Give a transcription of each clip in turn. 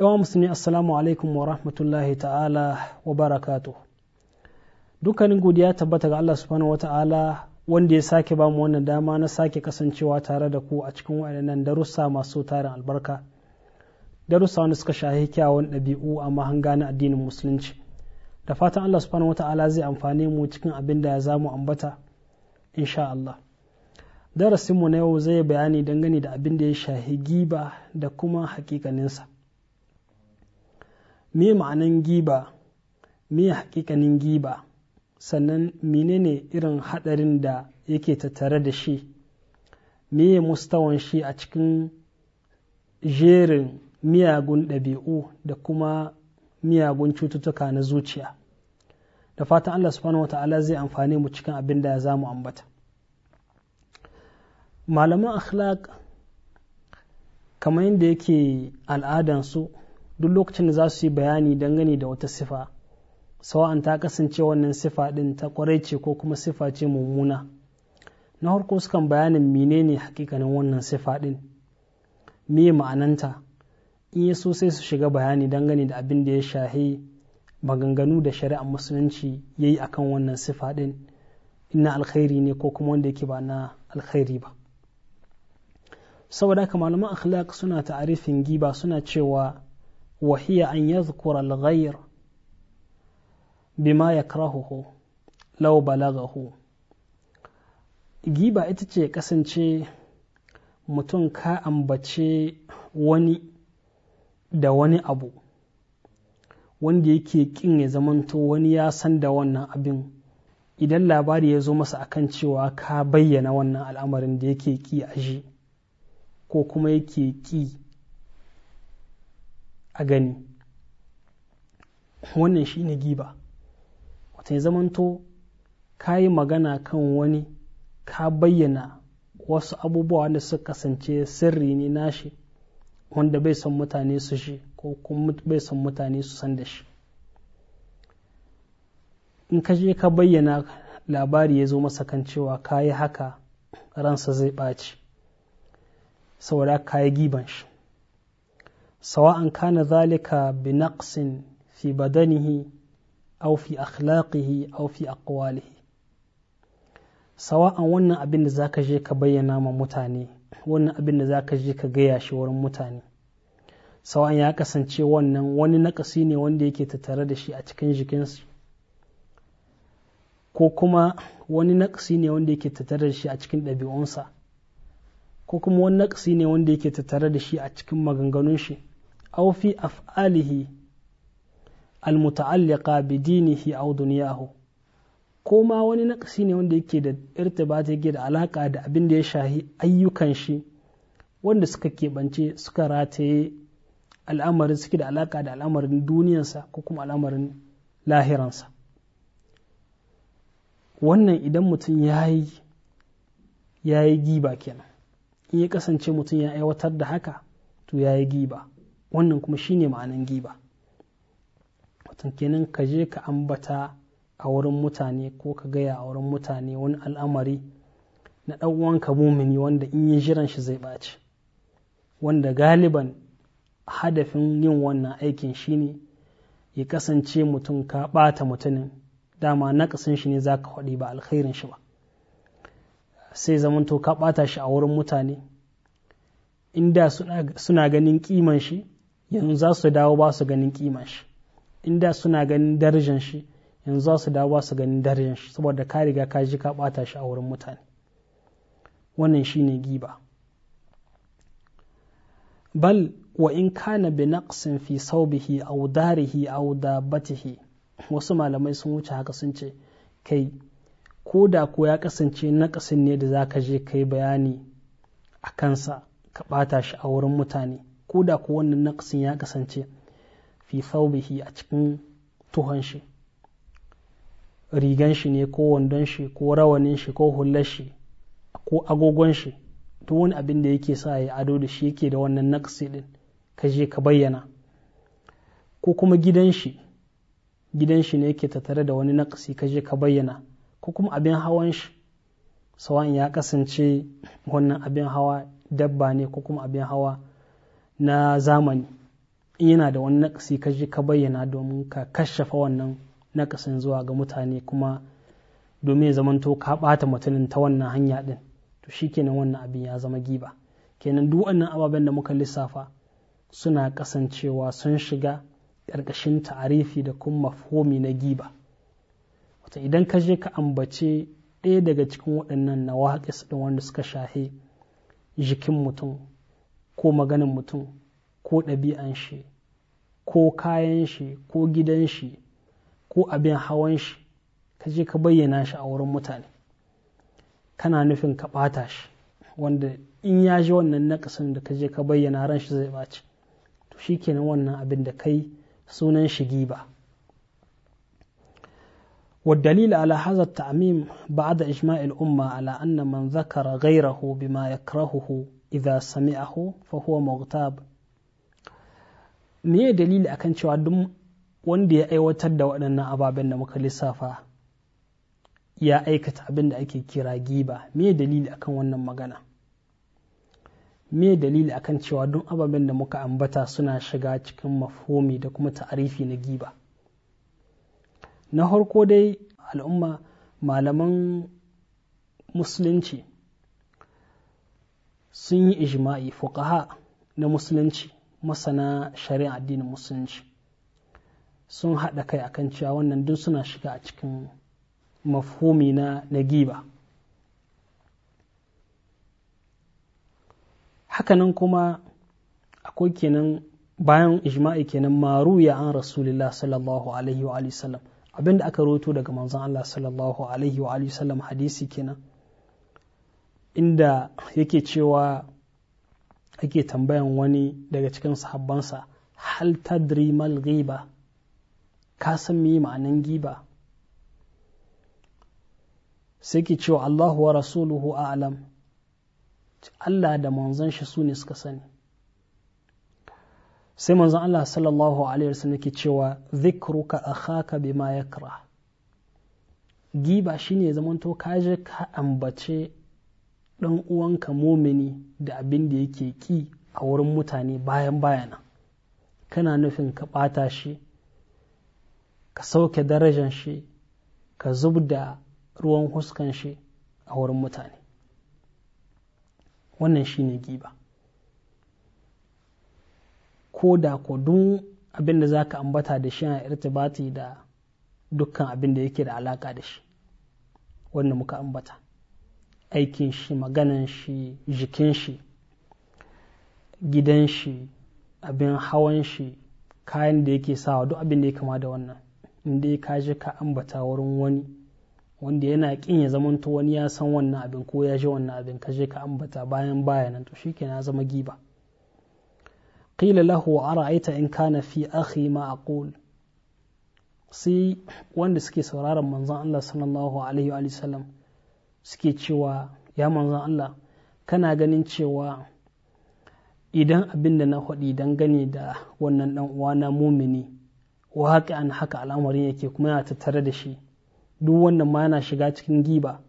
yawan musulmi assalamu alaikum wa rahmatullahi ta'ala wa barakatu dukkanin godiya tabbata ga Allah subhanahu wa ta'ala wanda ya sake bamu wannan dama na sake kasancewa tare da ku a cikin waɗannan darussa masu tarin albarka darussa wanda suka shahi kyawun ɗabi'u a mahanga na addinin musulunci da fatan Allah subhanahu wa ta'ala zai amfane mu cikin abin da ya mu ambata insha Allah darasinmu na yau zai bayani dangane da abin da ya shahi giba da kuma hakikaninsa me ma'anan giba me hakikanin giba sannan menene irin hadarin da yake tattare da shi me mustawan shi a cikin jerin miyagun ɗabi'u da kuma miyagun cututtuka na zuciya da fatan Allah subhanahu wa ta'ala zai amfani mu cikin abin da za mu ambata malaman akhlaq kamar yadda yake al'adansu duk lokacin da za su yi bayani dangane da wata sifa sawa'an ta kasance wannan sifa ɗin ta kwarai ce ko kuma sifa ce mummuna na harko sukan bayanin menene hakikanin wannan sifa ɗin me ma'ananta in ya sosai su shiga bayani dangane da abin da ya shahi maganganu da shari'ar musulunci ya yi akan wannan sifa ɗin Ina alkhairi ne ko kuma wanda yake ba na alkhairi ba saboda haka malaman akhlaq suna ta'arifin giba suna cewa وهي أن يذكر الغير بما يكرهه لو بلغه giba ita ce kasance mutum ka ambace wani da wani abu wanda yake kin ya zamanto wani ya san da wannan abin idan labari ya zo masa akan cewa ka bayyana wannan al'amarin da yake ki a ji, ko kuma yake ki a gani wannan shi ne giba wata ya zamanto ka yi magana kan wani ka bayyana wasu abubuwa wanda suka kasance sirri ne nashi wanda bai son mutane su shi ko kuma bai son mutane su san da shi in ka je ka bayyana labari ya zo masa kan cewa ka yi haka ransa zai ɓaci saboda ka yi giban shi سواء كان ذلك بنقص في بدنه أو في أخلاقه أو في أقواله سواء wannan abin da zaka je ka bayyana ma mutane wannan abin da za ka je ka gaya shi wurin mutane sawa'an ya kasance wannan wani nakasi ne wanda yake tattare da shi a cikin jikinsu ko kuma wani nakasi ne wanda yake tattare da shi a cikin ɗabi'unsa ko kuma wani nakasi ne wanda yake tattare da shi a cikin maganganun shi Aufi في أفعاله المتعلقة بدينه أو دنياه كما wani naƙasi ne wanda yake da irtibata yake da alaƙa da abin da ya shahi ayyukan shi wanda suka keɓance suka rataye al'amarin suke da alaƙa da al'amarin duniyarsa ko kuma al'amarin lahiransa wannan idan mutum ya ya yi giba kenan in ya kasance mutum ya aiwatar da haka to ya yi giba wannan kuma shi ne ma'anin giba watan kenan ka je ka ambata a wurin mutane ko ka gaya a wurin mutane wani al'amari na ɗan ka mumini wanda in yi jiran shi zai ɓaci wanda galiban hadafin yin wannan aikin shi ne ya kasance mutum ka ɓata mutumin dama nakasin shi ne za ka faɗi ba alkhairin shi ba sai zamanto ka ɓata shi a wurin mutane inda suna ganin ƙiman shi yanzu za su dawo ba su ganin kima shi inda suna ganin darajan shi yanzu za su dawo ba su ganin darajan shi saboda ka riga ka ji ka bata shi a wurin mutane wannan shine giba bal wa in kana bi naqsin fi sawbihi aw darihi aw dabatihi wasu malamai sun wuce haka sun ce kai ko da ko ya kasance naqsin ne da zaka je kai bayani a kansa ka bata shi a wurin mutane ko da ko wannan naqsin ya kasance fi thawbihi a cikin tuhon shi rigan shi ne ko wandon shi ko rawanin shi ko hullar shi ko agogon shi duk wani abin da yake sa ya ado da shi yake da wannan naqsi din ka je ka bayyana ko kuma gidan shi gidan shi ne yake tattare da wani naqsi ka je ka bayyana ko kuma abin hawan shi sawan ya kasance wannan abin hawa dabba ne ko kuma abin hawa na zamani in yana da wani nakasi ka ji ka bayyana domin ka kashafa wannan nakasin zuwa ga mutane kuma domin ya zamanto ka ɓata mutumin ta wannan hanya ɗin to shi kenan wannan abin ya zama giba kenan duk wannan ababen da muka lissafa suna kasancewa sun shiga ƙarƙashin ta'arifi da kuma mafhomi na giba wata idan ka je ka ambace ɗaya daga cikin waɗannan na waƙis ɗin wanda suka shahe jikin mutum ko maganin mutum ko ɗabi'an shi ko kayan shi ko gidan shi ko abin hawan shi ka je ka bayyana shi a wurin mutane kana nufin ka ɓata shi wanda in ya ji wannan nakasin da ka je ka bayyana ran shi zai ɓaci to shi kenan wannan abin da kai sunan shi giba والدليل على هذا التعميم بعد إجماع الأمة على أن من ذكر غيره بما يكرهه idza sami'ahu fa huwa mughtab me dalili akan cewa duk wanda ya aiwatar da waɗannan ababen da muka lissafa ya aikata abin da ake kira giba me dalili akan wannan magana me dalili akan cewa duk ababen da muka ambata suna shiga cikin mafhumi da kuma ta'arifi na giba na harko dai al'umma malaman musulunci sun yi ijma'i fuqaha na musulunci masana shari'a addinin musulunci sun haɗa kai a kan cewa wannan duk suna shiga a cikin mafhumi na nagiba hakanan kuma akwai kenan bayan ijma'i kenan maruya an rasulullah sallallahu alaihi wa sallam abinda aka roto daga manzon Allah sallallahu alaihi wa sallam hadisi kenan inda yake cewa ake tambayan wani daga cikin sahabbansa hal tadri mal ghiba ka san me ma'anan giba sai ke cewa Allahu wa rasuluhu a'lam Allah da manzon shi su ne suka sani sai manzon Allah sallallahu alaihi wasallam ke cewa zikruka akhaka bima yakra giba shine zamanto kaje ka ambace ɗan uwanka momini da abin da yake ƙi a wurin mutane bayan bayana kana nufin ka ɓata shi ka sauke darajan shi ka zub da ruwan huskan shi a wurin mutane wannan shi ne giba ko da ko duk abin da za ka ambata da shi a irtibati da dukkan abin da yake da alaka da shi wanda muka ambata aikin shi maganan shi jikin shi gidan shi abin hawan shi kayan da yake sawa duk abin da ya kama da wannan inda ya kaji ka ambata wurin wani wanda yana kin ya zamanto wani ya san wannan abin ko ya ji wannan abin ka je ka ambata bayan bayanan to shike ya zama giba qila lahu ara'aita in kana fi akhi ma aqul sai wanda suke sauraron manzon Allah sallallahu alaihi wa sallam suke cewa ya manzon Allah kana ganin cewa idan abin da na faɗi dangane da wannan ɗan uwana mumini wa haka an haka al'amarin yake kuma yana tattare da shi duk wannan ma yana shiga cikin giba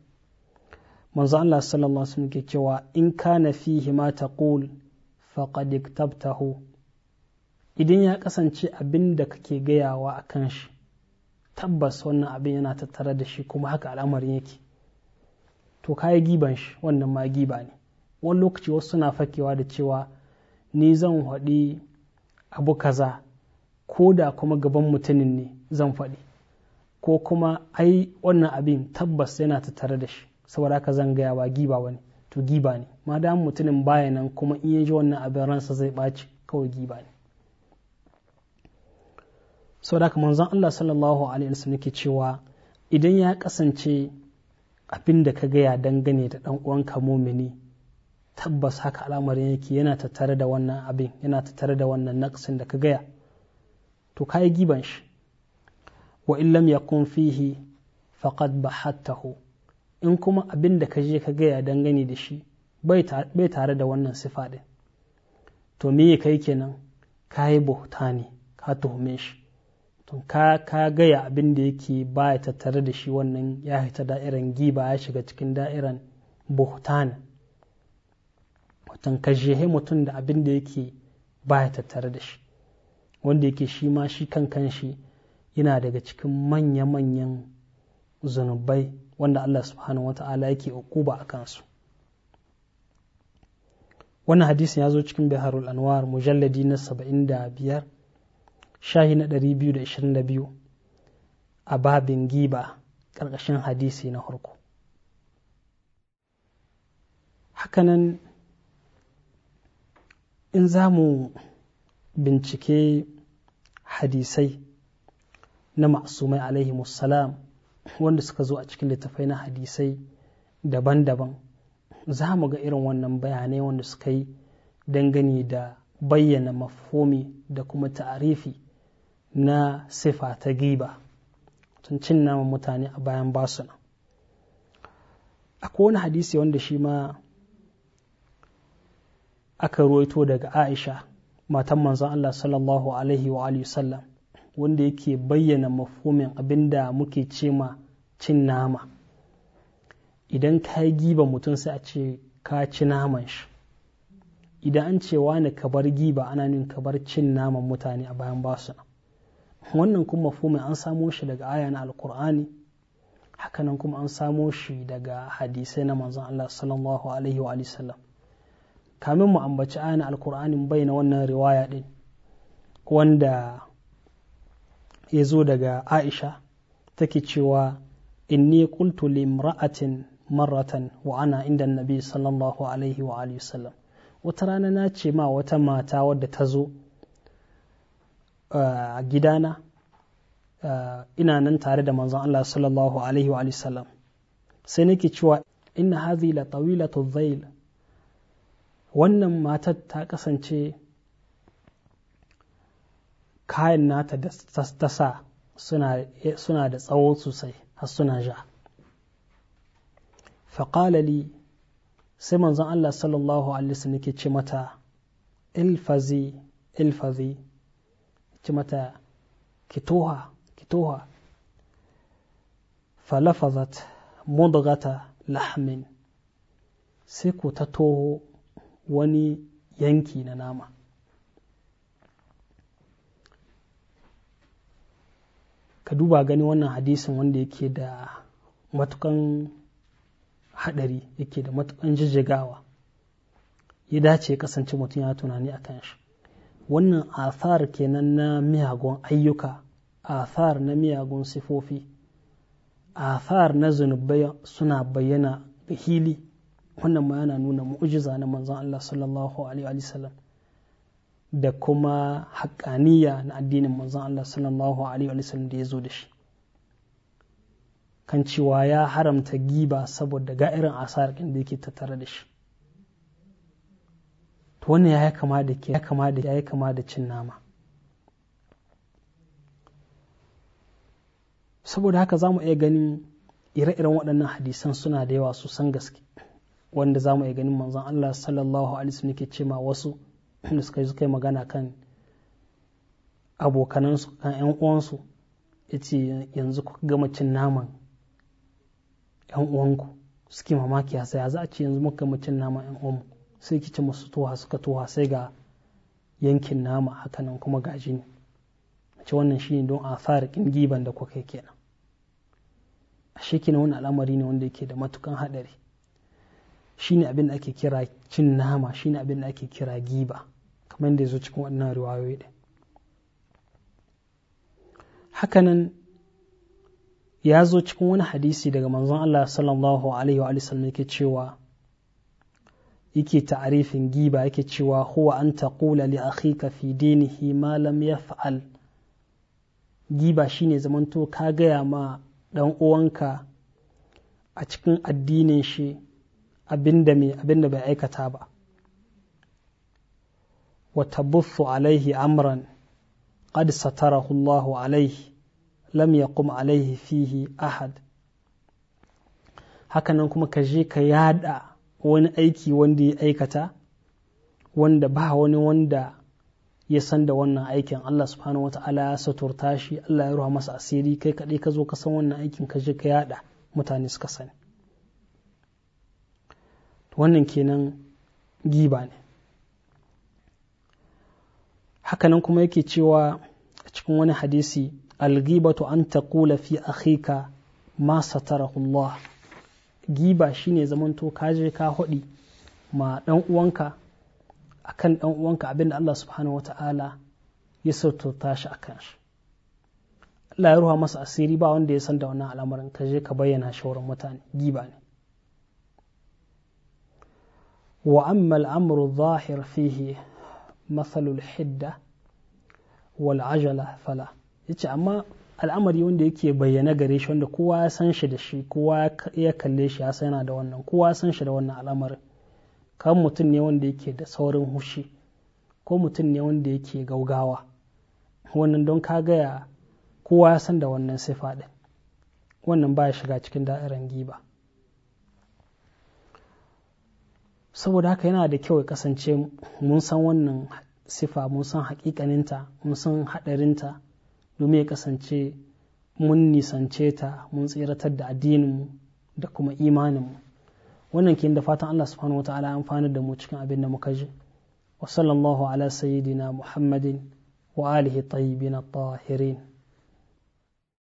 manzo Allah sallallahu alaihi wasallam ke cewa in kana fihi ma taqul faqad iktabtahu idan ya kasance abin da kake gayawa akan shi tabbas wannan abin yana tattare da shi kuma haka al'amarin yake to ka giban shi wannan ma giba ne wani lokaci wasu suna fakewa da cewa ni zan haɗi abu kaza ko da kuma gaban mutumin ne zan faɗi ko kuma ai wannan abin tabbas yana tattare da shi saboda haka zan gaya wa giba wani to giba ne ma dama mutumin baya nan kuma in ya ji wannan abin ransa zai ɓaci kawai giba ne saboda haka manzon Allah sallallahu alaihi wasallam yake cewa idan ya kasance abin da ka gaya dangane da ɗan uwanka mumini tabbas haka al'amarin yake yana tattare da wannan abin yana tattare da wannan naqsin da ka gaya to ka yi giban shi wa in lam yakun fihi faqad bahattahu in kuma abin da ka je ka gaya dangane da shi bai tare da wannan sifa din to me kai kenan ka yi ne, ka tuhume shi to ka gaya abin da yake ba ya tattare da shi wannan ya hita da'iran giba ya shiga cikin da'iran buhtan watan ka mutum da abin da yake ba ya tattare da shi wanda yake shi ma shi kan kanshi yana daga cikin manya-manyan zunubai wanda Allah subhanahu wata'ala yake ukuba a kansu wannan hadisin ya zo cikin biharul anwar mujalladi na 75 shahi na 222 a babin giba ƙarƙashin hadisi na harko hakanan in za mu bincike hadisai na masumai alaihi musalam wanda suka zo a cikin littafai na hadisai daban-daban za mu ga irin wannan bayanai wanda suka yi dangane da bayyana mafomi da kuma ta'arifi na sifa ta giba tun cin naman mutane a bayan basu nan akwai wani hadisi wanda shi ma aka ruwaito daga aisha matan manzon Allah sallallahu alaihi wa alihi sallam wanda yake bayyana mafumin abinda muke ce ma cin nama idan ka yi giba mutum sai a ce ka ci naman shi idan an ce wani ka giba ana nin ka bar cin naman mutane a bayan basu wannan kuma mafumin an samo shi daga aya na alkur'ani hakanan kuma an samo shi daga hadisai na manzon Allah sallallahu alaihi wa sallam kamin mu ambaci aya na alkur'ani bai na wannan riwaya din wanda ya zo daga Aisha take cewa inni qultu li imra'atin marratan wa ana inda nabi sallallahu alaihi wa sallam wata rana na ce ma wata mata wadda ta zo a gidana ina nan tare da manzon Allah sallallahu alaihi wa sallam sai nake cewa inna hadhi la tawilatu wannan matar ta kasance kayan nata da ta sa suna da tsawo sosai har suna ja faƙalali sai manzon Allah sallallahu alaihi wasallam ke ce mata ilfazi ilfazi ci mata kitoha kitoha falafazat mudghata lahmin sai ku ta to wani yanki na nama ka duba gani wannan hadisin wanda yake da matukan hadari yake da matukan jijjigawa ya dace ya kasance mutum ya tunani a kan shi wannan athar kenan na miyagun ayyuka athar na miyagun sifofi athar na zunubai suna bayyana ga hili wannan ma yana nuna mu'jiza na manzon Allah sallallahu alaihi wa da kuma haƙaniya na addinin manzon Allah sallallahu alaihi wa da ya zo da shi kan cewa ya haramta giba saboda ga irin asarar da yake tattare da shi to wannan ya kama da ke ya kama kama da cin nama saboda haka za mu iya ganin ire-iren waɗannan hadisan suna da yawa su san gaske wanda za mu iya ganin manzan Allah sallallahu alaihi wa ke cewa wasu da suka yi suka yi magana kan abokanansu kan 'yan uwansu ce yanzu ku gama cin naman yan uwanku suke mamaki ya sai za a ce yanzu muka gama cin naman yan uwanku sai ki ci musu tuwa suka tuwa sai ga yankin nama hakanan kuma gaji ne ce wannan shine don a fara giban da kuka kenan a shekina wani al'amari ne wanda yake da matukan shi shine abin da ake kira cin nama shine abin da ake kira giba kamar yadda zo cikin waɗannan riwayoyi ɗin hakanan ya zo cikin wani hadisi daga manzon Allah sallallahu alaihi wa sallam yake cewa yake ta'arifin giba yake cewa huwa an taqula li akhika fi dinihi ma lam yaf'al giba shine zamanto ka gaya ma dan uwanka a cikin addinin shi abinda mai abinda bai aikata ba wa tabuthu alaihi amran qad satarahu Allahu alaihi lam yaqum alaihi fihi ahad hakanan kuma ka je ka yada wani aiki wanda ya aikata wanda ba wani wanda ya san da wannan aikin Allah subhanahu wa ta'ala ya saturta shi Allah ya ruwa masa asiri kai kaɗai ka zo ka san wannan aikin ka je ka yada mutane suka sani wannan kenan giba ne hakanan kuma yake cewa a cikin wani hadisi al-Giɓa algibatu an taqula fi akhika ma satarahu Allah giba shine zamanto ka je ka haɗi ma ɗan uwanka akan ɗan uwanka abinda Allah subhanahu wata'ala ya sautauta shi akan shi Allah ya ruha masa asiri ba wanda ya san da wannan al'amarin ka je ka bayyana shawarar mutane giba ne wa amma al'amru zahir fihi masalul hidda wal ajala fala yace amma al'amari wanda yake bayyana gare shi wanda kowa ya san shi da shi kowa ya kalle shi ya san yana da wannan kowa ya san shi da wannan al'amarin kan mutum ne wanda yake da saurin hushi ko mutum ne wanda yake gaugawa wannan don ka gaya kowa ya san da wannan sifa ɗin wannan ba ya shiga cikin da'irar giba saboda haka yana da kyau ya kasance mun san wannan sifa mun san hakikaninta mun san haɗarinta domin ya kasance mun nisance ta mun tsiratar da addininmu da kuma imaninmu wannan ke da fatan Allah subhanahu wataala an amfana da mu cikin abin da muka ji wa sallallahu ala sayyidina muhammadin wa alihi tayyibin at